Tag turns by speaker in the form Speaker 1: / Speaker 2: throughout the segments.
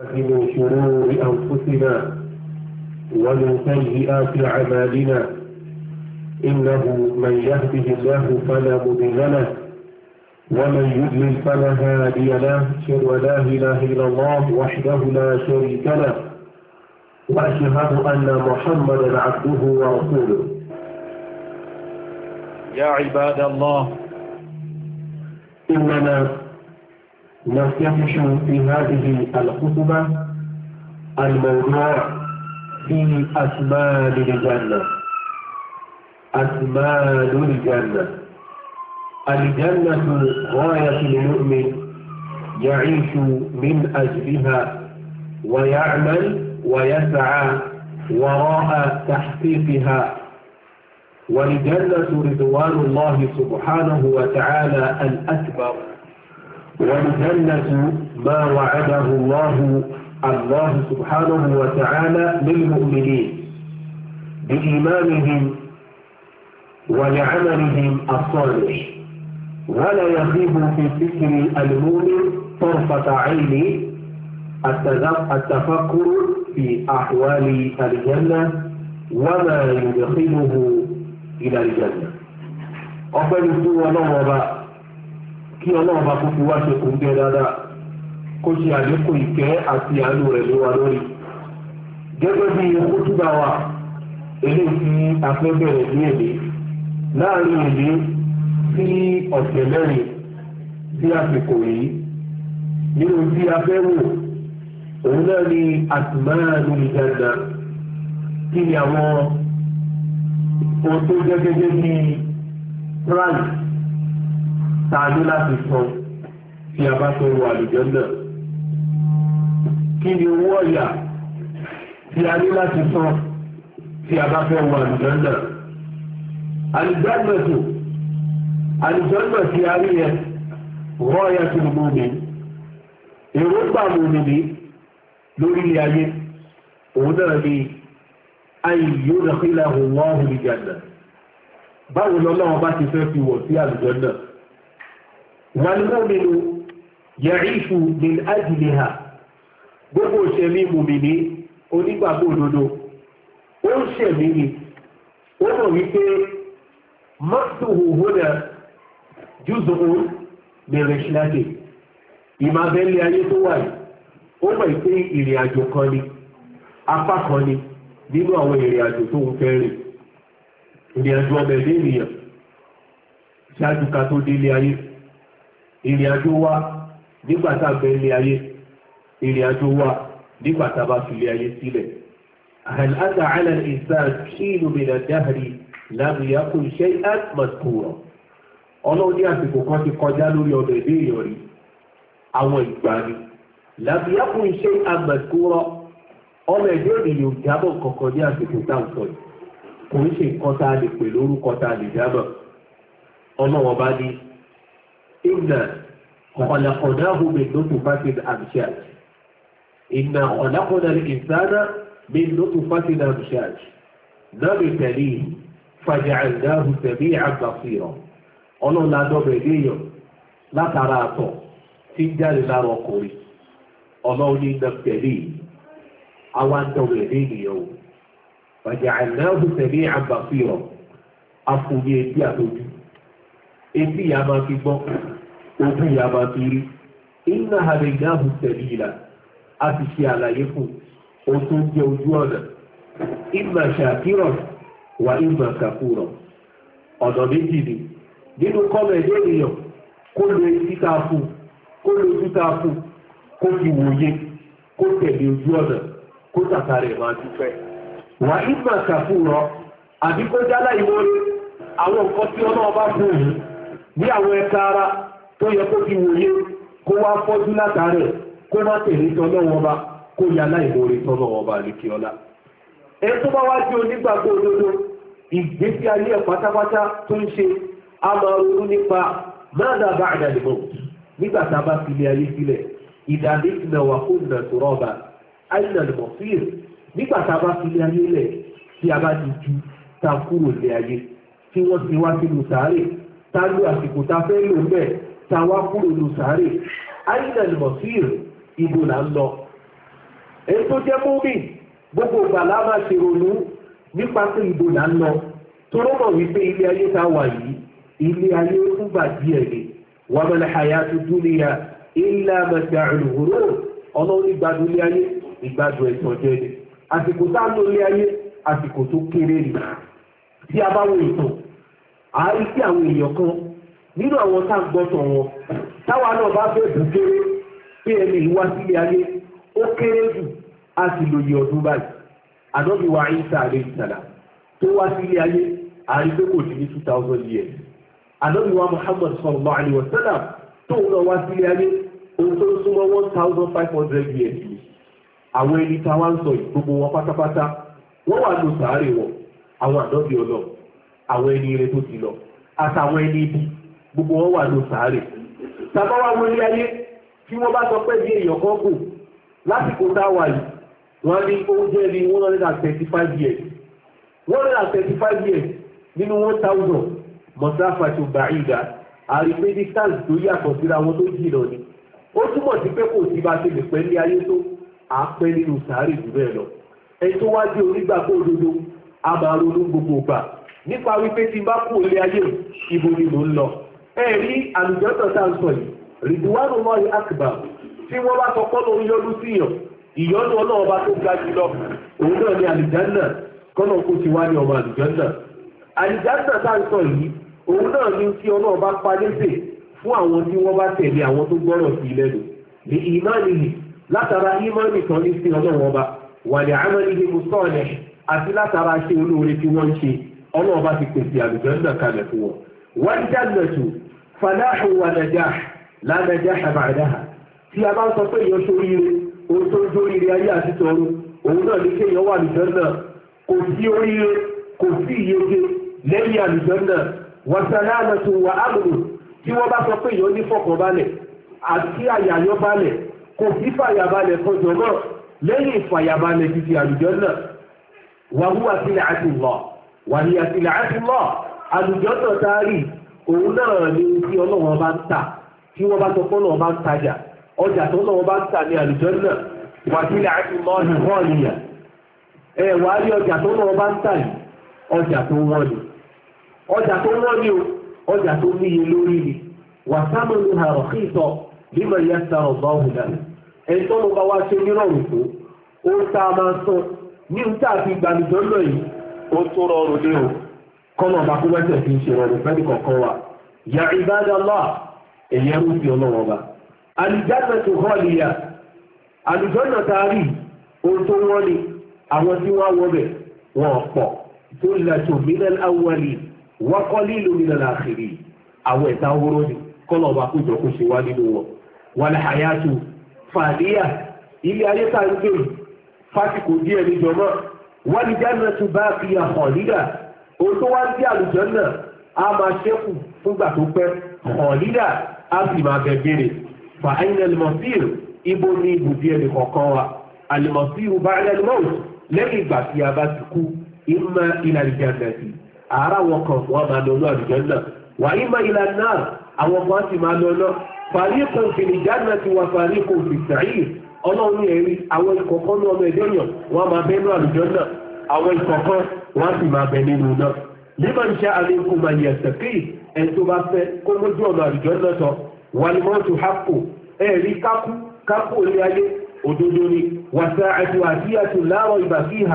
Speaker 1: من شرور أنفسنا ومن سيئات أعمالنا إنه من يهده الله فلا مضل له ومن يضلل فلا هادي له أشهد أن لا إله إلا الله وحده لا شريك له وأشهد أن محمدا عبده ورسوله يا عباد الله إننا نفتش في هذه الخطبة الموضوع في أسباب الجنة أسباب الجنة الجنة غاية المؤمن يعيش من أجلها ويعمل ويسعى وراء تحقيقها والجنة رضوان الله سبحانه وتعالى الأكبر والجنة ما وعده الله الله سبحانه وتعالى للمؤمنين بإيمانهم ولعملهم الصالح ولا يخيب في فكر المؤمن طرفة عين التفكر في أحوال الجنة وما يدخله إلى الجنة أفضل سوى kí ọlọ́run bá fún fi wá ṣe kún gẹ́ dáadáa kó ṣe àlékún ìkẹ́ àti àánú rẹ̀ lé wa lórí. gẹ́gẹ́ bí kútùbà wa eléyìí afẹ́fẹ́ rẹ̀ ní èdè láàrin èdè sí ọ̀sẹ̀ mẹ́rin sí àsìkò yìí nínú tí a fẹ́ wò òun náà ni àtìmáàlú ìjàdá kí ni àwọn ohun tó jẹ́ gẹ́gẹ́ bí price tààdó láti san tí a bá tó wọ àlùjọ náà kí ni owó ọ̀yà tí a ní láti san tí a bá fẹ́ wọ àlùjọ náà àlùjọ náà tó àlùjọ náà tí a rí yẹn rọ́ọ̀yà tó mú mi èròǹgbà mú mi ní lórí ilé ayé òun náà ni ayé yóò dàkílà òun wọ́n hùwì jàǹdà báwo lọ́lọ́wọ́ bá ti fẹ́ fi wọ̀ sí àlùjọ wàlúmọ́mìnú yẹ̀rífù ní ájìlìhà gbogbo òṣèlú mùmìnì onígbàgbọ́ òdodo ó ń ṣẹ̀mí ni ó mọ̀ wípé mọ́tòhù hónà júzò ó bẹ̀rẹ̀ ṣíláṣẹ́ ìmàbẹ́lẹ̀ ayé tó wà yìí ó mọ̀ pé ìrìn àjò kan ni apá kan ni nínú àwọn ìrìn àjò tó ń fẹ́ rìn ìrìn àjò ọmọ ẹ̀dẹ́ ènìyàn ṣáájú ká tó délé ayé ìrìn àjò wa nígbà tá a bẹ ilé ayé ìrìn àjò wa nígbà bá fi ayé sílẹ̀ هل أتى على الإنسان حين من الدهر لم يكن شيئا مذكورا ọlọ́run ní àsìkò kan ti kọjá lórí ọ̀dọ̀ ìdí èèyàn rí àwọn ìgbà ni làbíyàkùn iṣẹ́ àgbàdúrọ̀ ọmọ ẹ̀dẹ́ ènìyàn jábọ̀ kankan ní àsìkò táǹtọ̀ yìí kò ń ṣe nǹkan lè pè lórúkọ lè jábọ̀ ọlọ́wọ́n bá ní إنا خلقناه من نطفة أمشاج إنا خلقنا الإنسان من نطفة أمشاج نبتليه فجعلناه سميعا بصيرا ọlọ́run la dọ́bẹ̀ léèyàn látara àtọ̀ tí ń jáde lára ọkùnrin ọlọ́run ní nabtẹ̀lì àwa ń dọ́bẹ̀ léèyàn o faja'alnahu sami'an àtọ́jú ezi ya ma fi gbọ́ ojú ya ma fi rí iná àrẹ ìdáàbò tẹ̀lé ìlà a ti ṣe àlàyé fún o tó ń jẹ ojú ọ̀nà ìmà ṣàkírọ̀ wà ìmà kàkúrọ̀ ọ̀nà méjì ni nínú kọ́mọ̀ ẹ̀dẹ́ ènìyàn kó lo etí tá fún kó lo ojú tẹ̀lé ojú ọ̀nà kó tàkàrẹ̀ máa wà ìmà kàkúrọ̀ àbí kó jálá bí àwọn ẹ̀ka ara tó yẹ kó fi wòye kó wá fọ́jú látàrẹ̀ kó má tẹ̀lé tọ́lọ́wọ́ bá kó yà láìmórí tọ́lọ́wọ́ bá lè kí ọlá ẹ tó bá wá jẹ́ onígbàgbọ́ òdodo ìgbésí ayé ẹ̀ pátápátá tó ń ṣe a máa ronú nípa mọ́nà bá àdàlùmọ́ nígbà tá a bá fi ilé ayé sílẹ̀ ìdàdí ìnáwó tí wọ́n ti wá sínú sàárè ta ló àsìkò ta fẹ́ lò bẹ́ẹ̀ ta wá kúrò lò sáré àìsàn ìmọ̀síìr ìbò là ń lọ. èyí tó jẹ́ mómì gbogbo gbàlá máa ṣe ronú nípa pé ìbò là ń lọ tóró mọ̀ wípé ilé ayé ta wà yìí ilé ayé fúngbà díẹ̀ ni wà mẹ́lẹ̀ hayatu dúnìyà ilé amẹ́ta ìrùwúrò ọlọ́run ìgbádùn ilé ayé ìgbádùn ẹ̀sán jẹ́ àsìkò tá a lò ilé ayé àsìkò tó kéré ni tí a bá wo ìtàn a rí sí àwọn èèyàn kan nínú àwọn tá à ń gbọ́tàn wọn táwa náà bá fẹ́ bù kéré pé ẹni ìwá sílé ayé ó kéré jù a sì lòye ọdún báyìí ànábì wa Ìsá àlẹ́ ìsàlà tó wá sílé ayé a pé kò dín ní two thousand years ànábì wa Muhammad sallallahu alayhi wa sallam tóun náà wá sílé ayé ohun tó ń súnmọ́ one thousand five hundred years ni àwọn ẹni táwa ń sọ yìí gbogbo wọn pátápátá wọ́n wà lóṣàárẹ̀ wọn àwọn ànábì ọlọ́run àwọn ẹni rẹ tó ti lọ àtàwọn ẹni ibi gbogbo wọn wà ló sàárè tàbá wà wọlé ayé tí wọ́n bá sọ pé bí èèyàn kan kù lásìkò táwà yìí wọ́n ní oúnjẹ ní one years 135 years nínú 1000, thousand mọ̀sáfà tó bá ìgbà àrígbé distance tó yàtọ̀ síra wọn tó jìnà ni ó túmọ̀ sí pé kò sí bá ṣe lè pẹ́ ní ayé tó àpẹ́ nínú sàárè jù bẹ́ẹ̀ lọ ẹni tó wá dé onígbàgbọ́ òdodo a máa ronú gbogbo gbà nípa wípé tí bá kú olè ayé ibo ni mò ń lọ ẹ rí àlùjọ́tọ̀ tá ń sọ yìí rìdíwánù lọ́ọ̀rì àkùbà tí wọ́n bá sọ kọ́nà ń yọdún síyàn ìyọnu ọlọ́run bá tó ga jùlọ òun náà ni àlùjánà kọ́nà kó ti wá ní ọmọ àlùjánà àlùjánà tá ń sọ yìí òun náà ni tí ọlọ́run bá pa lẹ́sẹ̀ fún àwọn tí wọ́n bá tẹ̀lé àwọn tó gbọ́rọ̀ sí lẹ́nu ní ìmánìyì látara ìmánì kan ní sí ọlọ́run wà ní àmọ́ níbi mùsọ̀ọ̀lẹ̀ àti látara ṣe olóore tí wọ́n ń ṣe ọlọ́run bá ti pèsè àlùjànnà kalẹ̀ fún wọn wọ́n jannatu falahu wa najah la najaha ba'daha tí a bá ń sọ pé èèyàn ṣoríire ohun tó ń jóríire ayé àti tọ̀run òun náà ní kéèyàn wà àlùjànnà kò sí oríire kò sí ìyege lẹ́yìn àlùjànnà wa tí wọ́n bá sọ pé èèyàn ní fọkànbalẹ̀ àti àyàyọ́ balẹ̀ kò sí fàyàbalẹ̀ fọjọ́ náà lẹ́yìn ìfàyàbalẹ̀ títí àlùjànnà wa huwa sil'atullah wàhíyà sílẹ̀ àtúmọ̀ àlùjọ taari òun náà ni tí ọlọ́wọ́n bá ń tí wọ́n bá tọ́kọ́ nà bá ń tajà ọjà tó lọ́wọ́ bá ń ní náà wà sílẹ̀ àtúmọ̀ nìyà ẹ wàá rí ọjà tó lọ́wọ́ bá ń yìí ọjà tó wọ́n ni ọjà tó lórí ni wà sámúlù sàrọ̀ bá a ó tó rọrùn dé o kọ́nà ọba kó wẹ́sẹ̀ fi ń ṣe rọrùn fẹ́ni kọ̀ọ̀kan wa ya ibadallah èyí ẹrú fi ọlọ́wọ́ ọba alìjáde tó hàn níyà alìjọ́nà tá a rí ohun tó wọ́n ni àwọn tí wọ́n wọ́ bẹ̀ wọ́n pọ̀ tó lẹ́tọ̀ minal awwali wa ni kọ́nà wọ́n ní jẹ́nà tó bá fi hàn lídà ohun tó wá ń dí àlùjànnà á máa ṣẹ́kù fúngbà tó pẹ́ hàn lídà á sì máa bẹ̀ gbére fa aina al-masir ibo ní ibùdí ẹnì kọ̀ọ̀kan wa al-masir ba'da lẹ́yìn ìgbà tí a bá ti kú imma ila al-jannati àárá wọn kan wọn máa lọ lọ àlùjànnà wa imma ila an-nar àwọn kan sì máa lọ lọ fariqun fil jannati wa fariqun fis sa'ir ọlọ́run ẹ̀rí àwọn ìkọ̀ọ̀kan ní ọmọ ẹ̀dẹ́ yàn wọ́n máa bẹ́ nínú àlùjọ náà àwọn ìkọ̀ọ̀kan wọ́n sì máa bẹ nínú náà nígbà ń ṣe àlékún máa yẹ ẹ̀sẹ̀ kí ẹ̀ bá fẹ́ kó mójú ọ̀nà àlùjọ náà tọ́ hápò ẹ̀rí ayé òdodo ni wàṣà àti àdíyàtò láàrọ̀ láàrọ̀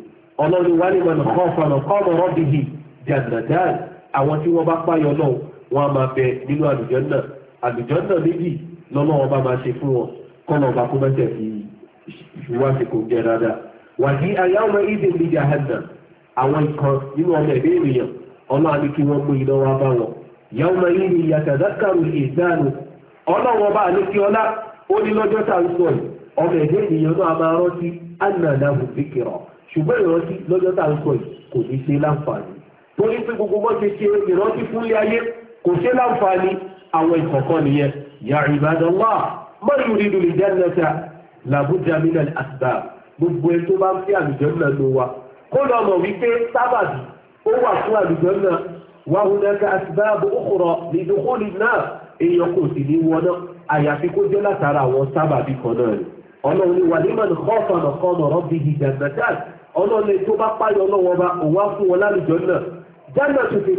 Speaker 1: ọlọ́run wà nígbà náà kọ́ fún àwọn kọ́ọ̀mù rọ́bìhì jàǹdàdàn àwọn tí wọ́n bá páyọ náà wọ́n á máa bẹ nínú àlùjànnà àlùjànnà méjì lọ́nà ọba máa ṣe fún wọn kọ́nà ọba kó mẹ́tẹ̀ fi ìwà sí kò jẹ dáadáa wà ní ayáwó ìdè ní jahannam àwọn ìkan nínú ọmọ ẹ̀dẹ́ ènìyàn ọlọ́run ní kí wọ́n mú iná wá bá wọn yàwó ìdè yàtàdákàrù ìdánu ọlọ́run ọba àlékí ọlá ó ní lọ́jọ́ tá a ń sọ ọmọ ẹ̀dẹ́ ènìyàn náà máa rántí ànàdàbù fìkìrọ̀ ṣùgbọ́n ìrántí lọ́jọ́ tá à ń sọ yìí kò ní ṣe láǹfààní torí pé gbogbo bọ́ ṣe ṣe ìrántí fúnlé ayé kò ṣe láǹfààní àwọn ìkọ̀kọ́ nìyẹn ya ibadallah man yuridu al-jannata labudda min al-asbab gbogbo ẹ tó bá ń fi àlùjànnà ló wa kó lọ mọ̀ wípé sábàbí ó wà fún àlùjànnà wa hunaka asbab ukhra li dukhuli an-nar èèyàn kò sì ní wọn náà àyàfi kó jẹ́ látara àwọn sábàbí kan náà ọlọ́run ni wà ní mọ̀ ní kọ́ọ̀fà nìkan bíi ìjàngbẹ̀tàn ọlọ́lẹ̀ tó bá páyọ lọ́wọ́ bá òun fún wọn lálùjọ náà jánà tó fi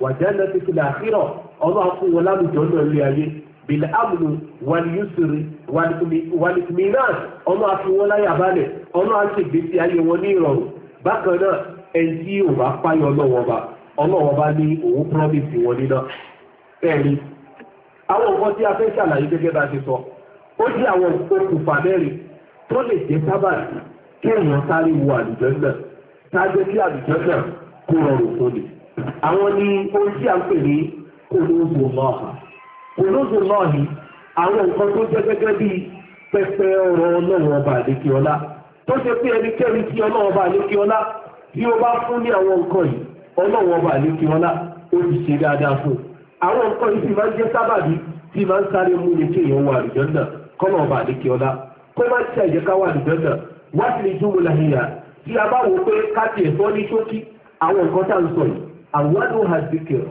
Speaker 1: wà jánà tó fi làákírọ̀ ọlọ́ fún wọn lálùjọ náà lé ayé bil amnu wal yusri wal itminan ọlọ́ fún wọn láyà balẹ̀ ayé wọn ní ìrọ̀rùn wọn níná ẹ̀rí àwọn nǹkan tí a fẹ́ ṣàlàyé gẹ́gẹ́ bá ti sọ ó jẹ́ àwọn kí èèyàn sáré wo àlùjànnà sáájẹ́ kí àlùjànnà kó rọrùn fún mi. àwọn ni ohun tí a ń pè ní kòlóògùn náà kòlóògùn náà ni àwọn nǹkan tó jẹ́ gẹ́gẹ́ bíi pẹpẹ ọ̀rọ̀ ọlọ́run ọba àdékè ọlá tó ṣe pé ẹnikẹ́ni tí ọlọ́run ọba àdékè ọlá tí ó bá fún ní àwọn nǹkan yìí ọlọ́run ọba àdékè ó ti ṣe dáadáa fún un àwọn nǹkan yìí sì máa ń jẹ́ sábàbí tí máa ń sáré mú ní kéèyàn wà àlùjànnà kọ́nà ọba àdékè kó má ṣe àjẹká wà àlùjànnà wá sí ní júmọ̀ làhìyà tí a bá wò pé káàtì ẹ̀fọ́ ní ṣókí àwọn nǹkan tá à ń sọ yìí àwádò azikir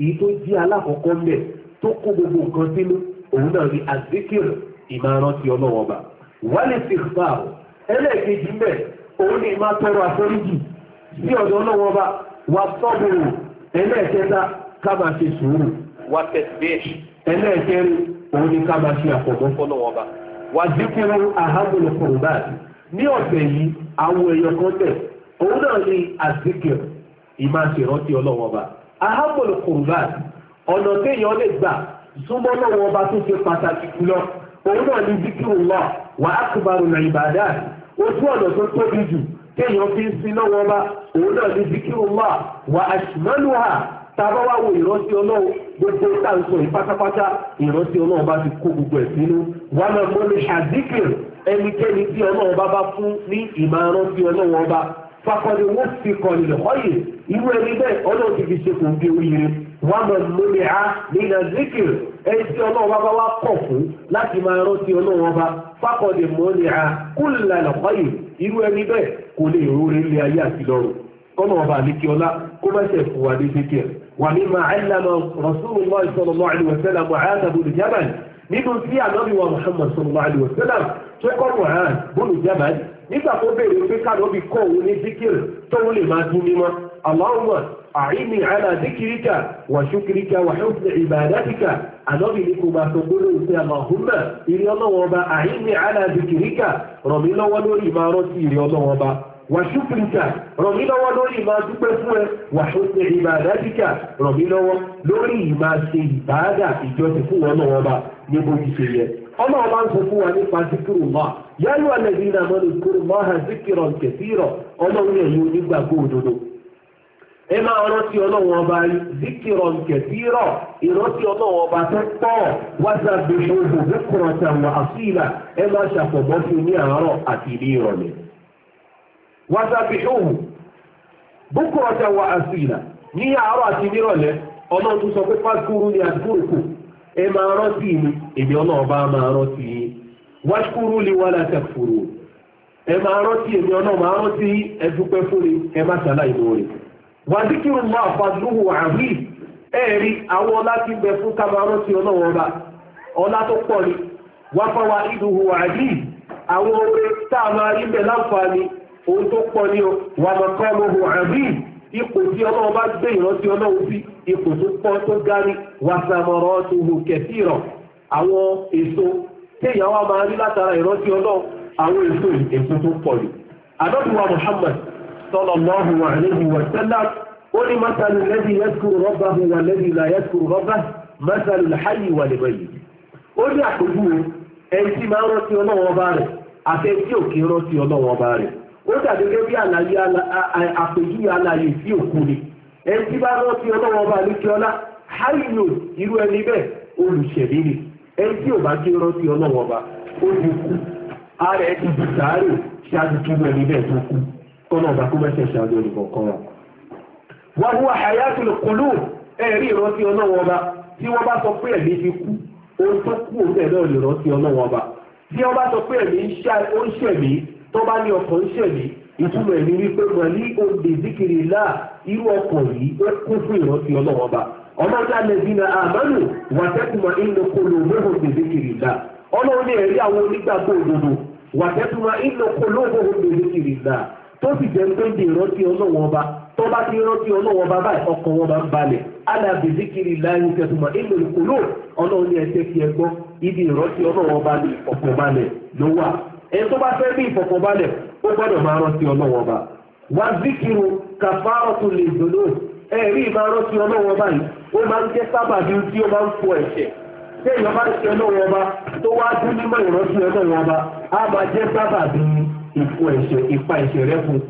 Speaker 1: èyí tó jí alákọ̀ọ́kọ́ mẹ́ tó kó gbogbo nǹkan sínú òun náà ní azikir ìmọ̀ràn ti ọlọ́wọ́ bá wálé sí ìfàrò ẹlẹ́ẹ̀kejì mẹ́ òun ní máa tọrọ àforíjì sí ọ̀dọ̀ ọlọ́wọ́ bá wà sọ́bùrù ẹlẹ́ẹ̀kẹta ká máa ṣe sùúrù wà tẹ̀síbẹ́ẹ̀ṣì ẹlẹ́ẹ̀kẹrin òun ní ká máa ṣe àfọ̀mọ́fọ́lọ́wọ́ bá wà dínkù ahàmùlùkùrùbáàdì ní ọ̀sẹ̀ yìí àwọn èèyàn kan tẹ̀ òun náà ni azikir ìmá ṣèrántí ọlọ́wọ́ ọba ahábòlù kùrùbá ọ̀nà téèyàn lè gbà súnmọ́ lọ́wọ́ ọba tó ṣe pàtàkì jùlọ òun náà ni zikirullah wà á kúbarù nà ìbàdàn ojú ọ̀nà tó tóbi jù téèyàn fi ń sin lọ́wọ́ ọba òun náà ni zikirullah wà á ṣùmọ́lùwà tàbá wá wo ìrántí ọlọ́wọ́ gbogbo táǹsọ̀ ìpátápátá ìrántí ọlọ́wọ́ bá ti kó gbogbo ẹ̀ sínú wà á lọ ẹnikẹ́ni tí ọlọ́run bá bá fún ní ìmọ̀ràn tí ọlọ́run ọba fakọni wọ́n fi kọ̀ọ̀lì lọ́yìn irú ẹni bẹ́ẹ̀ ọlọ́run ti fi ṣe kò bí a ẹni tí bá wá fún láti máa a lọ́yìn irú ẹni bẹ́ẹ̀ kò lè rúre ilé ayé àti kọ́nà ọba àlekí ọlá kó bá ṣe fún wa ní wà ní ma rasulillah muhammadu nínú sí tó kọ́ Quran bólú jábàdì nígbà tó béèrè pé káàdì ó fi kọ́ òun ní díkìrì tóun lè máa dún mímọ́ Allahumma àìní àlà díkìríkà wà ṣúkìríkà wà ṣúkìrí ìbàdàtìkà ànábì ní kò bá tó gbólóhùn sí Allahumma ìrí ọlọ́wọ́ ọba àìní àlà díkìríkà ràn mí lọ́wọ́ lórí ìmáa rántí ìrí ọlọ́wọ́ ọba wà ṣúkìríkà ràn mí lọ́wọ́ lórí ìmáa dúpẹ́ fún ẹ wà ṣúkìrí ìbàdàtìkà ràn mí lọ́wọ́ lórí ìmáa ọmọ ọba ń sọ fún wa nípa zikiru ma yálù alẹ́bí náà mọ́ ní kúrò mọ́ ha zikiru kẹfìrọ̀ ọlọ́run ẹ̀yìn onígbàgbọ́ òdodo ẹ máa rántí ọlọ́run ọba zikiru kẹfìrọ̀ ìrántí ọlọ́run ọba tó pọ̀ wáṣà bíṣọ òhùn bẹ́kùrọ̀ tàwọn àfíìlà ẹ máa ṣàfọ̀mọ́ sí ní àárọ̀ àti ní ìrọ̀lẹ́ wáṣà bíṣọ òhùn bẹ́kùrọ̀ tàwọn àfíìlà ní àárọ̀ àti ní ìrọ̀lẹ́ ọlọ́run tó sọ pé fásitì ẹ máa rántí mi èmi ọlọ́ọ̀bá máa rántí yín wáṣkúrú lè wá látẹ̀ fòrò ẹ máa rántí èmi ọlọ́ọ̀ ma rọtí ẹ dúpẹ́ ẹ má ṣàlàyé rẹ̀ wà díkìrù máa fàdúhù àrí ẹ̀rí àwọn ọlá ti bẹ fún ká ọba ọlá tó pọ̀ ni ìdúhù àwọn tá a rí bẹ̀ láǹfààní ohun tó pọ̀ ni wà ipò tí ọlọ́run bá gbé ìrántí ọlọ́run sí ipò tó pọ́n tó gárí wàsàmọ̀rọ̀ tó hù kẹ̀sí ìrọ̀ àwọn èso téèyàn wá máa rí látara ìrántí ọlọ́run àwọn èso èso tó pọ̀ lù. àdọ́bùwà Muhammad sallallahu alayhi wa sallam ó ní masalu lẹ́bi yẹ́sùkú rọ́bà hù wà lẹ́bi là yẹ́sùkú rọ́bà masalu láyì wà lẹ́bẹ̀yì. ó ní àpèjúwe ẹni tí máa rántí ó dàbí gẹ́gẹ́ bí àlàyé àpèjúwe àlàyé sí òkú ni ẹni tí bá ọlọ́wọ́ bá ní kí ọlá háìlò irú ẹni bẹ́ẹ̀ olùṣẹ̀lẹ̀ ni ẹni tí ò bá kí rántí ọlọ́wọ́ bá ó ti kú ara ẹ ti dùtàárò ṣáájú kí ẹni bẹ́ẹ̀ tó kú kọ́nà ọ̀bà kó mẹ́sẹ̀ ṣáájú olùkọ̀ọ̀kan wa. wọ́n hu àyàtúlù kùlù ẹ̀rí ọlọ́wọ́ sọ pé ẹ̀mí ti kú ohun tó kú òun náà lè ọlọ́wọ́ sọ pé ẹ̀mí ń ṣẹ̀mí tó bá ní ọkàn ṣẹ̀mí ìtumọ̀ ẹ̀mí wípé mọ̀lí òde zikiri láà irú ọkàn yìí ó kún fún ìrántí ọlọ́wọ́n bá ọlọ́jà lẹ́bínà àmánù wàtẹ́kùmọ̀ inú kolo mẹ́hùn òde zikiri láà ọlọ́run ní ẹ̀rí àwọn onígbàgbọ́ òdodo wàtẹ́kùmọ̀ inú kolo mẹ́hùn òde zikiri láà tó sì jẹ́ pé ní ìrántí ọlọ́wọ́n bá tó bá ti rántí ọlọ́wọ́n bá báyìí ọkàn wọn máa ń balẹ̀ alábi zikiri láàyè tẹ̀tùmọ̀ inú kolo ọlọ́run ní ẹ̀ṣẹ́ fi ẹgbọ́ ibi ìrántí ọlọ́wọ́n bá ní ọ̀pọ̀ balẹ̀ ló wà ẹni tó bá fẹ́ rí ìfọ̀kànbalẹ̀ ó gbọ́dọ̀ máa rántí ọlọ́wọ́ ọba wá zikiru kàfárọ̀tù lè dòdò ẹ̀rí máa rántí ọlọ́wọ́ ọba yìí ó máa ń jẹ́ sábàbí tí ó máa ń fọ ẹ̀ṣẹ̀ tí èèyàn bá ṣe ọlọ́wọ́ ọba tó wá dún nímọ̀ ìrántí ọlọ́wọ́ ọba á máa jẹ́ sábàbí ìfọ ẹ̀ṣẹ̀ ìpa ẹ̀ṣẹ̀ rẹ fún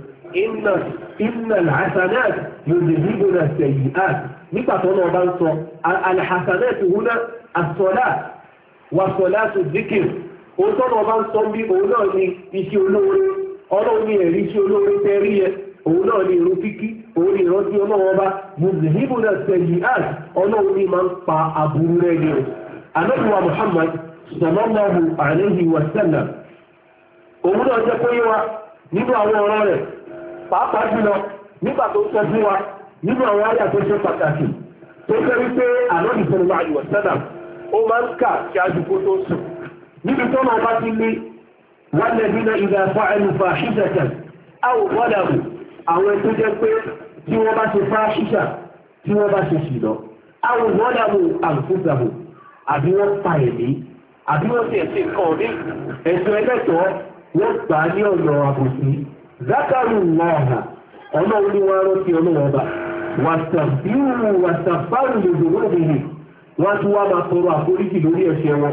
Speaker 1: wa salatu dhikr òun tọ́nà ọba ń sọ bí òun náà ni iṣẹ́ olóore ọlọ́run ní ẹ̀rí iṣẹ́ olóore tẹ́ rí òun náà ni kíkí òun ni ìrántí ọlọ́run ọba mùsùlùmí náà sẹ̀yìn àn ọlọ́run máa ń pa aburú rẹ̀ ni o anábìwá Muhammad sallallahu alayhi wa òun náà jẹ́ pé wa nínú àwọn ọ̀rọ̀ rẹ̀ pàápàá jùlọ nígbà tó sọ fún wa nínú àwọn pàtàkì tó ó máa ń níbi tó máa bá ti lé walladhina idha fa'alu fahishatan aw zalamu àwọn tó jẹ́ pé tí wọ́n bá ṣe fáṣíṣà tí wọ́n bá ṣe ṣìlọ aw zalamu anfusahum àbí wọ́n pa ẹ̀mí àbí wọ́n ti ẹ̀sìn kan ní ẹ̀sùn ẹlẹ́tọ̀ọ́ wọ́n gbà á ní ọ̀nà àbòsí zakaru lọ́ọ̀hà ọ̀nà oníwà rántí ọlọ́wọ́ba wàtàbíwù wàtàbáwù lòdòwò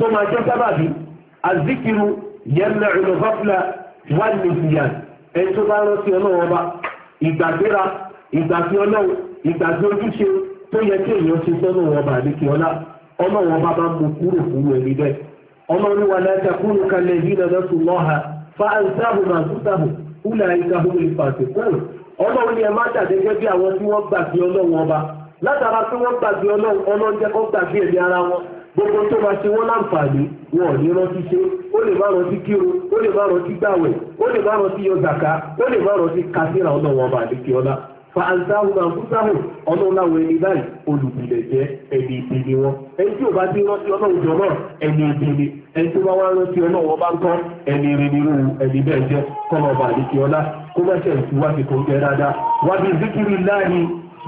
Speaker 1: tó máa jẹ́ sábàbí azikiru yẹ́nà ìlọ́fọ́fúlà wà ní ìyá ẹni tó bá rántí ọlọ́wọ́ bá ìgbàgbéra ìgbàgbé ọlọ́wọ́ ìgbàgbé ojúṣe tó yẹ kí èèyàn ṣe sọ́nà wọn bá ní kí ọlá ọlọ́wọ́ bá máa mú kúrò fún ẹni bẹ́ẹ̀ ọlọ́run wà láta kúrò kalẹ̀ yìí lọ́dọ̀ tó lọ́ha fa àìsáàbò máa tún sáàbò kúlẹ̀ àìsáàbò gbogbo tó máa ṣe wọ́n láǹfààní wọn ò ní rántí ṣe ó lè má rántí kírun ó lè má rántí gbàwẹ̀ ó lè má rántí yọ zàká ó lè má rántí kásíra ọ̀nà wọn bá àdékè ọlá fa àǹtáhùn máa ń kú sáhùn ọlọ́run láwọn ẹni báyìí olùbìlẹ̀ jẹ́ ẹni ìdí ni wọn ẹni tí ò bá ti rántí ọlọ́run jọ náà ẹni ìdí ni ẹni tó bá wá rántí ọlọ́run bá ń kọ́ ẹni ìrìnnirú ẹni bẹ́ẹ̀ jẹ́ kọ́mọ bá àdékè ọlá kó má ṣe ìtura ti kò ń jẹ dáadáa wá bí zikiri láàyè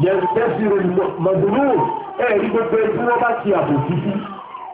Speaker 1: yẹn tẹ́sí rẹ̀ mọ̀dúnrún ẹ̀ẹ́dí gbogbo ẹni tí wọ́n bá ti àbò títí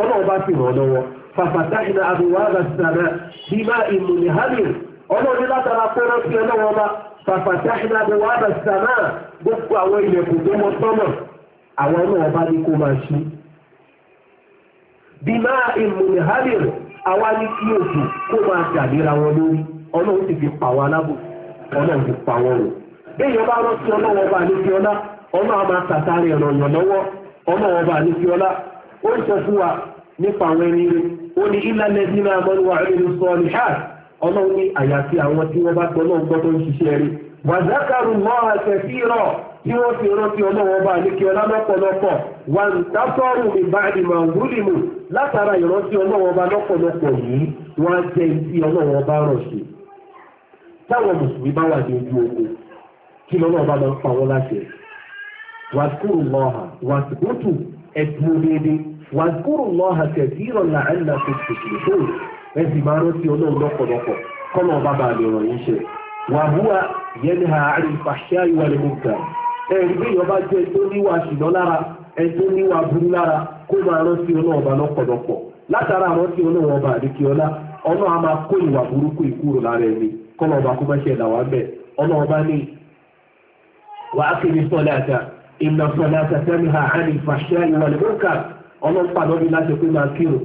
Speaker 1: ọlọ́run bá fi ràn lọ́wọ́ fàfàtà ìnà àbúwá àgbàsàmà bí ìmù ní hamil ọlọ́run látara pẹ́rọ sí ọlọ́wọ́ bá fàfàtà ìnà àbúwá àgbàsàmà gbogbo àwọn ilẹ̀kùn tó mọ sọ́mọ̀ àwọn ọlọ́run bá ní kó máa ṣí. bí ìmù ní hamil àwa ní kí kó máa wọn lórí ọlọ́run ọba bá ó ń sọ fún wa nípa àwọn ẹni rẹ̀ ó ní ìlànà ẹbí máa mọ́ níwá ẹni sọ ní ṣáà ọlọ́run ní àyàfi àwọn tí wọ́n bá tọ́ náà gbọ́ tó ń ṣiṣẹ́ rí wàzákàrù rọ̀ tí wọ́n fi rántí ọlọ́wọ́ bá ní kí ọlá lọ́pọ̀lọpọ̀ wà ń tásọ́rù mi bá ní wúlì mù látara ìrántí bá lọ́pọ̀lọpọ̀ yìí wọ́n ẹ̀dùn òdèdè wàzúrù lọ́hà kẹ̀síìrọ̀ ha àárín fàṣẹ ìwà lè mú gbà ẹ̀rí bí ìyọba jẹ́ tó níwà ṣùgbọ́n lára ọba lọ́pọ̀lọpọ̀ látara rántí ọlọ́run ọba àdékíọlá ọlọ́run a máa kó ìwà burúkú ìkúrò lára ẹni kọ́nà ọba kó má ṣe iná sọ̀lá tẹ̀tẹ́mi ha hàn ìfàṣẹ́ ìwà lẹ́kọ̀ọ́kà ọlọ́pàá lọ́dún láti pé máa kírun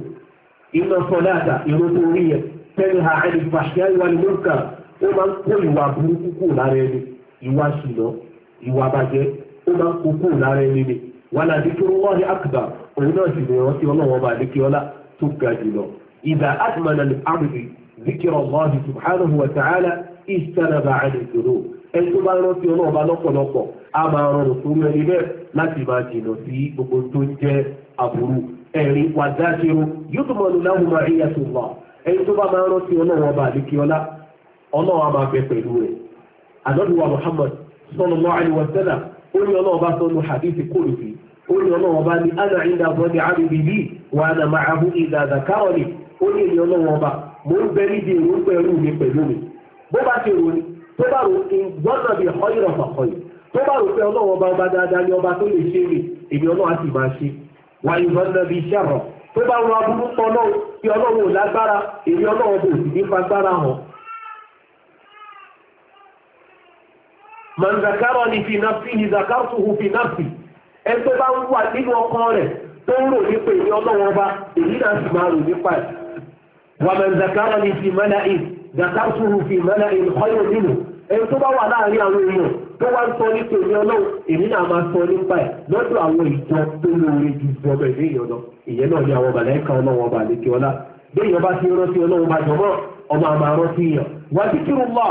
Speaker 1: iná sọ̀lá àtà ìró tó rí yẹ tẹ́mi ha hàn ìfàṣẹ́ ìwà lẹ́kọ̀ọ́kà ó máa ń kó ìwà burúkú kù lára ẹni ìwà ṣìnà ìwà bàjẹ́ ó máa ń kó kù lára ẹni ni wàlá dìkúrú wọ́n ní àkùbà òun náà sì ní ọtí ọlọ́wọ́ bá dìkíọ́lá tó ga jùlọ ìdá àtìmọ̀nà ní àbùdí ذكر الله سبحانه وتعالى اجتنب عن الذنوب ẹni tó bá rántí ọlọ́ọ̀bá lọ́pọ̀lọpọ̀ a máa rọrùn fún ẹni ma láti máa jìnà sí gbogbo tó ń jẹ́ àbúrú ẹ̀rí wà dáṣẹ́rú yóò tó mọ̀lú láwùn máa rí ẹni tó bá máa rántí ọlọ́run ọba àdékí ọlá ọlọ́run a bẹ pẹ̀lú rẹ̀ àdọ́dúwà Muhammad sallallahu alaihi wa ó ní ọlọ́run bá sọ́nu hadithi kúrìsì ó ní ọlọ́run bá ní ana ìdá bọ́dí àbíbí bí wà á nà máa ìdá ó ní ọlọ́run ọba ń bẹ tó bá rò pé ọlọ́wọ́ bá bá dáadáa ní ọba tó lè ṣe rè èmi ọlọ́wọ́ á sì máa ṣe wà ìbọn náà bí iṣẹ́ rọ̀ tó bá wọn aburú pọ̀ náà bí ọlọ́wọ́ ò lágbára èmi ọlọ́wọ́ bò sì ní fagbára hàn. mọ̀nzàkárọ̀ ni fi náà ni ní zakárùtù fi náà fi ẹ tó bá wà nínú ọkàn rẹ̀ tó ń rò nípa èmi ọlọ́wọ́ bá èmi náà sì máa rò nípa ẹ̀. wà mọ̀nzàkárọ̀ ni fi mẹ́lẹ̀ ìn zakárùtù fi mẹ́lẹ̀ ìn kọ́yọ̀ nínú ẹ tó bá wà láàrin àwọn èèyàn tó wá ń sọ nípa èmi ọlọ́run èmi náà máa sọ nípa ẹ̀ lọ́dọ̀ àwọn ìjọ tó lóore ju ìjọba ìlú èèyàn lọ ìyẹn náà ni àwọn màláíkà ọlọ́run ọba àlekè ọlá bí èèyàn bá ti rántí ọlọ́run bá jọmọ́ ọmọ àmà rántí yàn wá sí kírun mọ́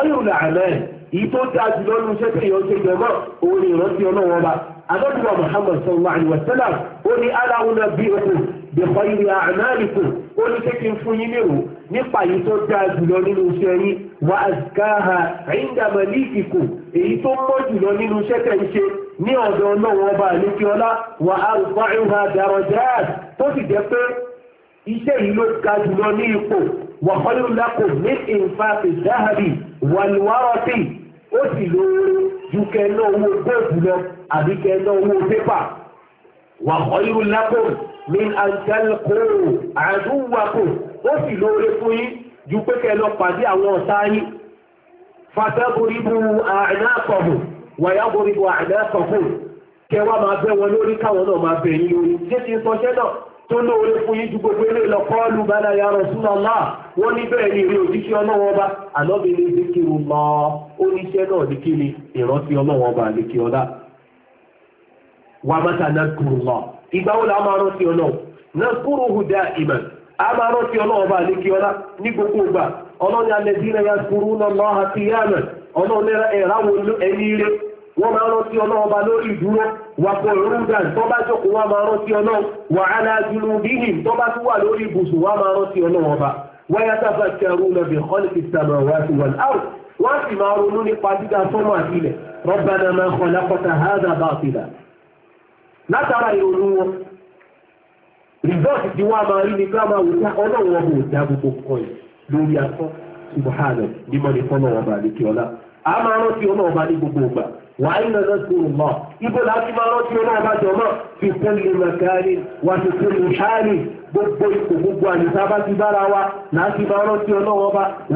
Speaker 1: ọ̀yọ̀ làánẹ́ yìí tó dáa jùlọ ní iṣẹ́ tí èèyàn ṣe jọmọ́ òun ni ìrántí ọlọ́run ọba adọ́dúnwà Muhammad sallallahu alayhi wa sallam ó ní aláwọ̀nà bí okùn bí khayri a'malikum ó ní kékeré fún yín nírò nípa yìí tó dáa jùlọ nínú iṣẹ́ yín wa azkaha 'inda malikikum èyí tó mọ́ jùlọ nínú iṣẹ́ tẹ̀ ń ṣe ní ọ̀dọ̀ ọlọ́wọ́ ọba àlékiọlá wà á rùpa ìhà darajat tó sì jẹ́ pé iṣẹ́ yìí ló ga jùlọ ní ipò wà kọ́lùlákò ní ìfàṣẹ dáhàbì wàlúwárọ̀tì ó sì lóore ju kẹ́ẹ̀nà owó góòbù lọ àbí kẹ́ẹ̀nà owó pépà wà kọ́lùlákò ní àjálùkò àdúwàkò ó sì lóore fún yín ju pé kẹ́ẹ̀ pàdé àwọn ọ̀tá yín fata àìnáàkọ̀hùn wàyábùrìbù àìnáàkọ̀hùn kẹwàá máa bẹ́ wọn lórí káwọn náà máa bẹ̀ yín lórí ṣé ti sọṣẹ́ náà tó lóore fún yín ju gbogbo ilé lọ kọ́ọ̀lù ya wọ́n ní bẹ́ẹ̀ ni èrè òjíṣẹ́ ọlọ́wọ́n bá ànábì zikiru mọ́ oníṣẹ́ náà ní kí ni ìrántí ní kí ọlá wà ìgbà máa rántí ọlọ́wọ́ a máa rántí ọlọ́wọ́n ọlọ́ni alẹ́dínlẹ̀ ya kúrú náà máa ha ti yáàmà ọlọ́nira ẹ̀ráwò ẹni rẹ̀ wọ́n máa rántí ọlọ́ọba lórí ìdúró wàpọ̀ rúdàn tó bá jókòó wá máa rántí ọlọ́ọ̀ wà á náà jùlọ bíhìn tó bá tún wà lórí ibùsùn wá máa rántí ọlọ́ọba wáyá tàbá kẹrù lọ́bì kọ́lìkì sàmà wá sí wọn áwù wọ́n sì máa ronú nípa dídá sọ́mọ́ àtìlẹ̀ rọ́bàdà máa kọ́ lápọ̀tà hádà bá àtìlà látara ìrònú wọn rìsọ́ọ̀tì tí wọ́n máa rí ní ká máa wò lórí akọ́ subahana mímọ́ ní fọ́nà ọba àdékè ọlá a máa rántí ọlọ́ ọba ní gbogbo ìgbà wà á iná lọ́sùn ọmọ ibo láti máa rántí fi kẹ́lẹ̀ mẹ́kàárì wà fi kẹ́lẹ̀ gbogbo ipò gbogbo àyíká bá ti bára wa láti máa rántí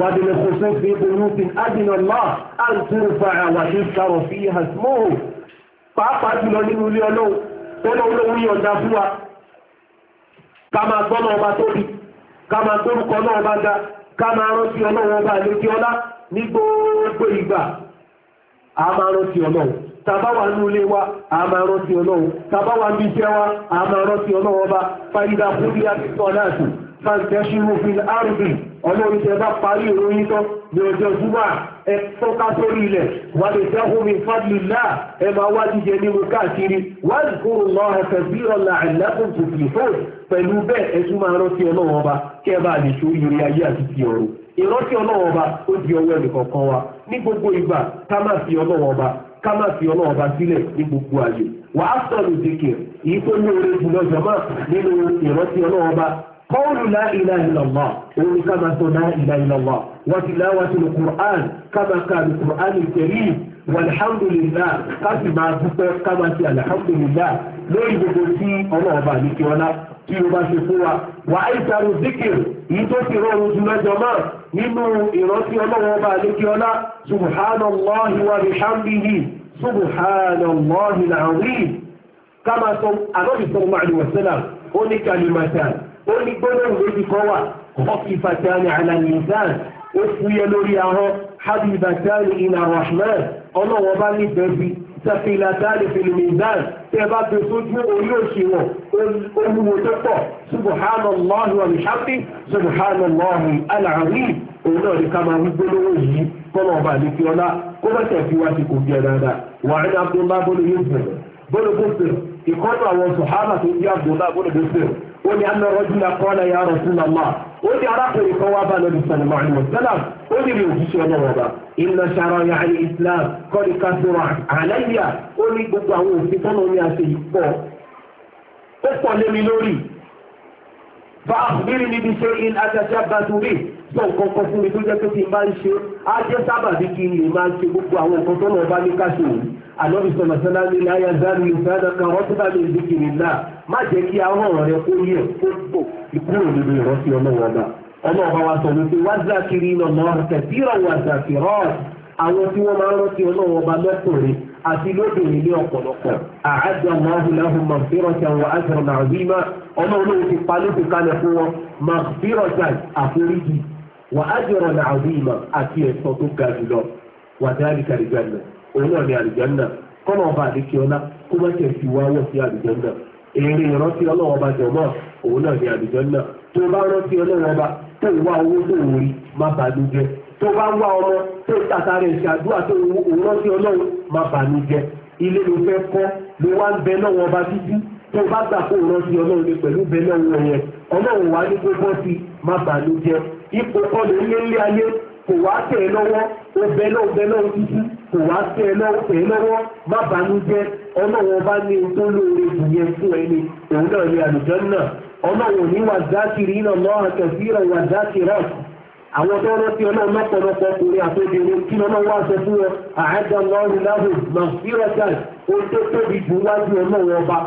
Speaker 1: wà ní fi ibùdó fi ádìnà máa à ń tún fa sàrọ̀ fi pàápàá jùlọ nínú ilé ọlọ́run ká máa rántí ọlọ́run ọba àlejò ọlá ní gbogbo ìgbà a máa rántí ọlọ́run tàbá wà ní ilé wa a máa rántí ọlọ́run tàbá wà ní iṣẹ́ wa a máa rántí ọlọ́run ọba fàyídà fúnlẹ̀ àti sọ́ọ̀dà àti fàǹtẹ́ṣirò fìlà àrùbí ọlọ́run tẹ bá parí ìròyìn tán ní ọjọ́ júmọ́ ẹ tọ́ka sórí ilẹ̀ wà lè fẹ́ omi fadlilá ẹ máa wá jíjẹ nínú káàkiri wà ní kúrò lọ ẹ̀fẹ̀ bí ọ̀la ẹ̀lẹ́kùn tó fi fóònù pẹ̀lú bẹ́ẹ̀ ẹ tún máa rántí ọlọ́run ọba kẹ́ wa ní gbogbo ìgbà ká má fi ọlọ́run ọba قول لا إله إلا الله وإن كما لا إله إلا الله وتلاوة القرآن كما كان القرآن الكريم walhamdulillah káàsì máa dúpẹ́ kábà sí alhamdulillah lórí gbogbo tí ọlọ́ọ̀bà ní kí ọlá tí o bá ṣe fún wa wà á ìsàrò zikir yìí tó ti rọrùn jù lọ́jọ́ náà nínú ìrántí ọlọ́ọ̀bà ní kí ọlá subhanallahi wa bihamdihi subhanallahi alazim kama sọ anọ́bì sọ mọ́ àdìwọ̀sẹ́là ó ní kalimatan ó ní gbọ́dọ̀ méjì kan wà ọkì fàtàlì àlàmìsàn ó fúyẹ́ lórí ahọ́n hábì fàtàlì ìlà rahman ọlọ́wọ́ bá nífẹ̀ẹ́ sí sàfihàn tààlì fìlìmìsàn tẹ́ bá fi sójú orí òṣìwọ̀n olúwo tó pọ̀ subhanallahi wa bihamdi subhanallahi òun náà ní ká máa wí gbólówó yìí kọ́nà ọba àdékí ọlá kó bá tẹ̀ fi wá sí kò bí ẹ dáadáa wàhálà abdullahi bọ́lú yóò bẹ̀rẹ̀ bọ́lú bó bẹ̀rẹ̀ ìkọ́nà àwọn sùhábà tó bí abdullahi bọ́lú bó bẹ̀rẹ̀ ó ní àná rọ́jú náà kọ́ ọ́nà ya Rasulullah ó ní arákùnrin kan wá bá lọ́dún sani ma'alim salam ó ní rí òjíṣẹ́ ọlọ́wọ́ bá iná ṣara ya àyè islam kọ́ ní àlàyé ó ní gbogbo àwọn òfin tọ́nà ní àṣẹ ìpọ̀ ó pọ̀ lé lórí bá àbúrí níbi ṣe in àtàṣà bá sọ nǹkan kan fún mi tó jẹ́ pé ti máa ń ṣe á sábàbí kí n lè máa ṣe gbogbo àwọn nǹkan tọ́nà ọba ní káṣíwò àlọ́bí sọ̀lọ̀sọ́lá ní láyá záàrù ìfẹ́dọ̀kan rọ́tíbà lè dìkì nílá má jẹ́ kí ahọ́n rẹ kó yẹ kó pò ìkúrò nínú ìrọ́sí ọlọ́wọ́ ọba ọlọ́ọ̀bá wa sọ wípé wá zákiri lọ́nà kẹsíra wà zákirọ́ àwọn tí wọ́n máa ń rọ́tí ọlọ́wọ́ ọba lọ́kùnrin àti lóbìnrin ní ọ̀pọ̀lọpọ̀ àájọ mọ́húnláhùn mọ̀fírọ̀tà wà ájọ̀rọ̀ nàìjíríà ọlọ́run ti pa lóṣù kalẹ̀ fún wọn mọ̀fírọ̀tà àforíjì wà ájọ̀rọ̀ nàìjíríà àti ẹ̀sọ́ tó ga jùlọ wà dáríkàrí òun náà ni àlùjànnà kọ́nà ọba àdékè ọlá kó má fi wáwọ̀ sí àlùjànnà èrè ìrántí ọlọ́wọ́ ọba jọ̀mọ́ òun náà ni àlùjànnà tó bá rántí ọlọ́wọ́ ọba tó wá owó tó rí má bàánú jẹ tó bá wá ọmọ tó ń ìṣàdúrà tó rántí ọlọ́wọ́ má jẹ ilé ló fẹ́ kọ́ ní pẹ̀lú bẹ kò wá sí ẹ lọ́wọ́ má banú jẹ́ ọlọ́wọ́ bá ní ohun tó lóore jù yẹn fún ẹni òun náà ní àlùjànnà ọlọ́wọ́ ní wà zákìrì iná lọ́wọ́ àtẹ̀síra wà zákìrà àwọn tó rántí ọlọ́run lọ́pọ̀lọpọ̀ ọkùnrin àtòbìnrin kí lọ́nà wá sọ fún wọn àádọ́ lọ́rùn láhùn màfírọ́tà ohun tó tóbi jù wájú ọlọ́run ọba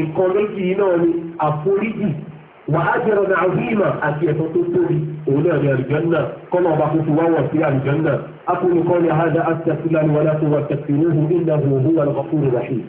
Speaker 1: nǹkan méjì náà ni àforíjì وأجرا عظيما أكيد تطوري أولاد الجنة كما بقيت وهو في الجنة أقول قول هذا أستغفر ولا تستغفروه إنه هو الغفور الرحيم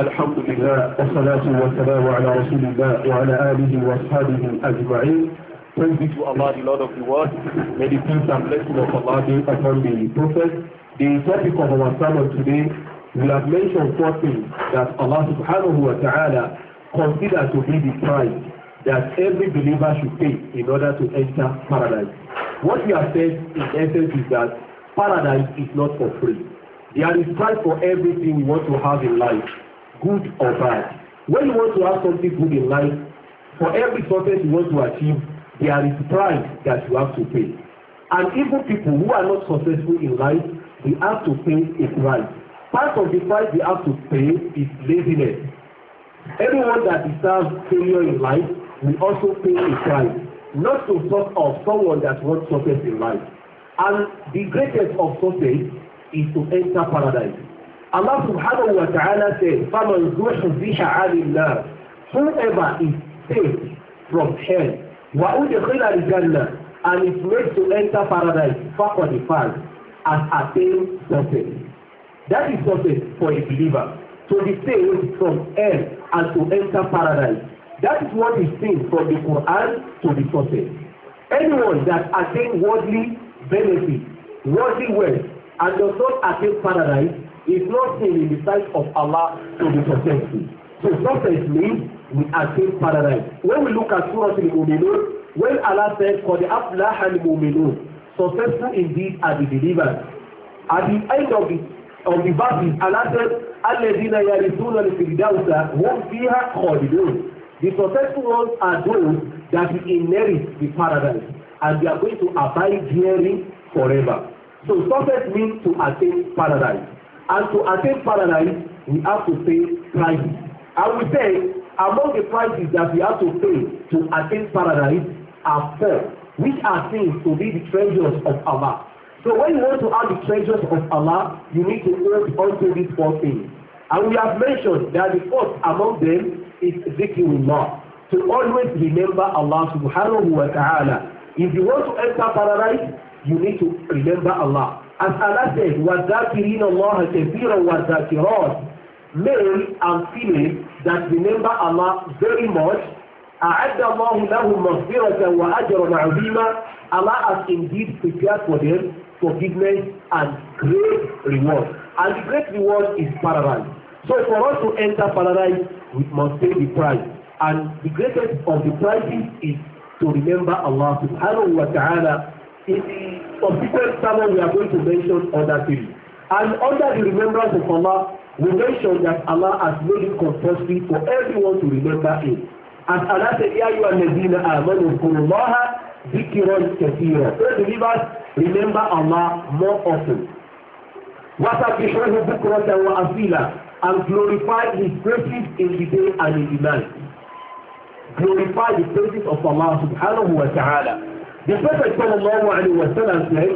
Speaker 1: الحمد لله والصلاة والسلام على رسول الله وعلى آله وأصحابه أجمعين Praise be to Allah, the Lord of the world. May the peace and blessing of Allah be upon the Prophet. the topic of our sermon today, we have mentioned four things that Allah subhanahu wa ta'ala considers to be the price that every believer should pay in order to enter paradise. What we have said in essence is that paradise is not for free. There is price for everything you want to have in life, good or bad. When you want to have something good in life, for every success you want to achieve, there is price that you have to pay. And even people who are not successful in life we have to pay a price. Part of the price we have to pay is laziness. Anyone that deserves failure in life will also pay a price, not to talk of someone that wants success in life. And the greatest of success is to enter paradise. Allah subhanahu wa ta'ala says, فَمَنْ زُحْزِحَ عَنِ النَّارِ Whoever is saved from hell, وَأُدْخِلَ الْجَنَّةِ and is made to enter paradise, فَقَدْ فَازَ and attain success. That is success for a believer. To descend from hell and to enter paradise. That is what is seen from the Quran to the success. Anyone that attain worldly benefit, worldly wealth, and does not attain paradise is not seen in the sight of Allah to be successful. So success means we attain paradise. When we look at Surah Al-Mu'minun, when Allah said, قَدْ أَفْلَحَ الْمُؤْمِنُونَ successful indeed are the believers. At the end of the of the verse, Allah said, "Alladhina yarithuna al-firdausa hum fiha khalidun." The successful ones are those that will inherit the paradise, and they are going to abide herein forever. So success means to attain paradise, and to attain paradise, we have to pay prices. I will say among the prices that we have to pay to attain paradise are four which are things to be the treasures of Allah. So when you want to have the treasures of Allah, you need to hold onto these four things. And we have mentioned that the first among them is zikrullah. To always remember Allah subhanahu wa ta'ala. If you want to enter paradise, you need to remember Allah. As Allah said, وَذَاكِرِينَ اللَّهَ كَثِيرًا وَذَاكِرَاتٍ Male and female that remember Allah very much أعد الله لهم مغفرة وأجرا عظيما Allah has indeed prepared for them forgiveness and great reward. And the great reward is paradise. So for us to enter paradise, we must pay the price. And the greatest of the prices is to remember Allah subhanahu wa ta'ala in the subsequent sermon we are going to mention other things. And under the remembrance of Allah, we mention that Allah has made it compulsory for everyone to remember it àtàlátẹ̀ yá yọ ànàbí na àmọ́nù kùnú lọ́ha díkìrọ̀ kẹfìrọ̀ pray believers remember Allah more often wasabbihuhu bukratan wa asila and glorify his praises in the day and in the night glorify the praises of Allah subhanahu wa ta'ala the prophet sallallahu alaihi wa sallam said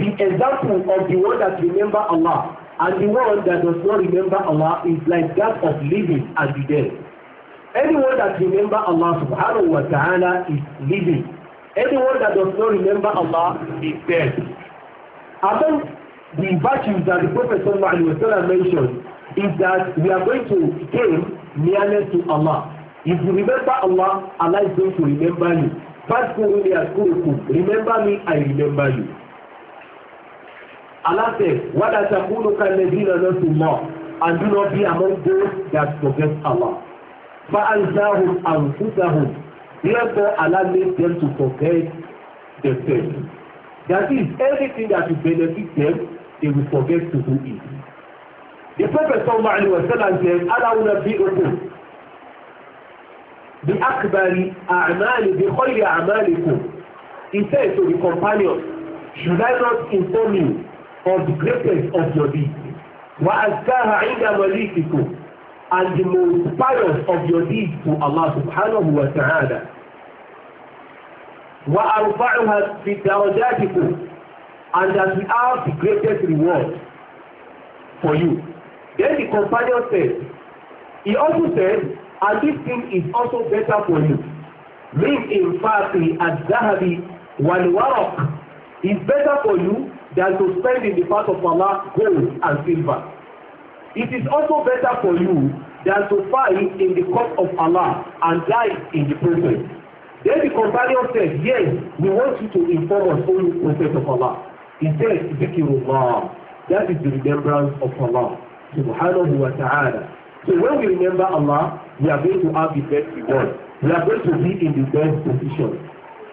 Speaker 1: the example of the one that remember Allah and the one that does not remember Allah is like that of living and the dead Anyone that remember Allah subhanahu wa ta'ala is living. Anyone that does not remember Allah is dead. Among the virtues that the Prophet sallallahu alaihi mentioned is that we are going to gain nearness to Allah. If you remember Allah, Allah is going to remember you. Fadkuruni adkurukum. Remember me, I remember you. Allah says, "What وَلَا تَكُونُوا كَالَّذِينَ نَسُوا اللَّهَ And do not be among those that forget Allah fa alzahum anfusahum therefore Allah made them to forget themselves that is everything that you benefit them they will forget to do it the prophet sallallahu alaihi wasallam said Allah will not be open بأكبر أعمال بخير أعمالكم He said to the companions, should I not inform you of the greatest of your deeds? وأزكاها عند مليككم and the most pious of your deeds to Allah subhanahu wa ta'ala. Wa وَأَرْفَعُهَا فِي دَرَجَاتِكُمْ And that we have the greatest reward for you. Then the companion said, he also said, and this thing is also better for you. Live in faqri al-zahabi wal-waraq is better for you than to spend in the path of Allah gold and silver. It is also better for you than to fight in the court of Allah and die in the prison. Then the companion said, Yes, we want you to inform us, O the prophet of Allah. He said, Zikirullah. That is the remembrance of Allah. Subhanahu wa ta'ala. So when we remember Allah, we are going to have the best reward. We are going to be in the best position.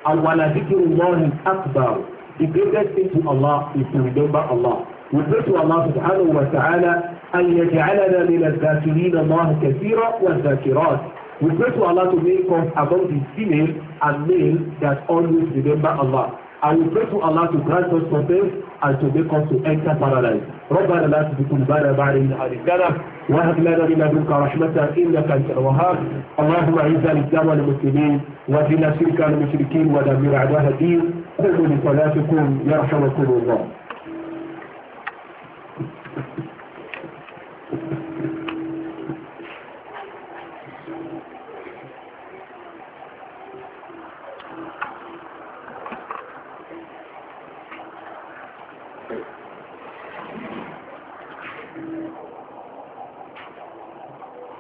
Speaker 1: And while Zikirullah is akbar, the greatest thing to Allah is to remember Allah. We pray to Allah subhanahu wa ta'ala أن يجعلنا من الذاكرين الله كثيرا والذاكرات We pray to Allah to make us among the female and male that always remember Allah. And we pray to Allah to grant us success and to make us to enter paradise. ربنا لا تزغ قلوبنا بعد إذ هديتنا وهب لنا من لدنك رحمة إنك أنت الوهاب اللهم أعز الإسلام والمسلمين وأذل الشرك والمشركين ودمر أعداء الدين قوموا بصلاتكم يرحمكم الله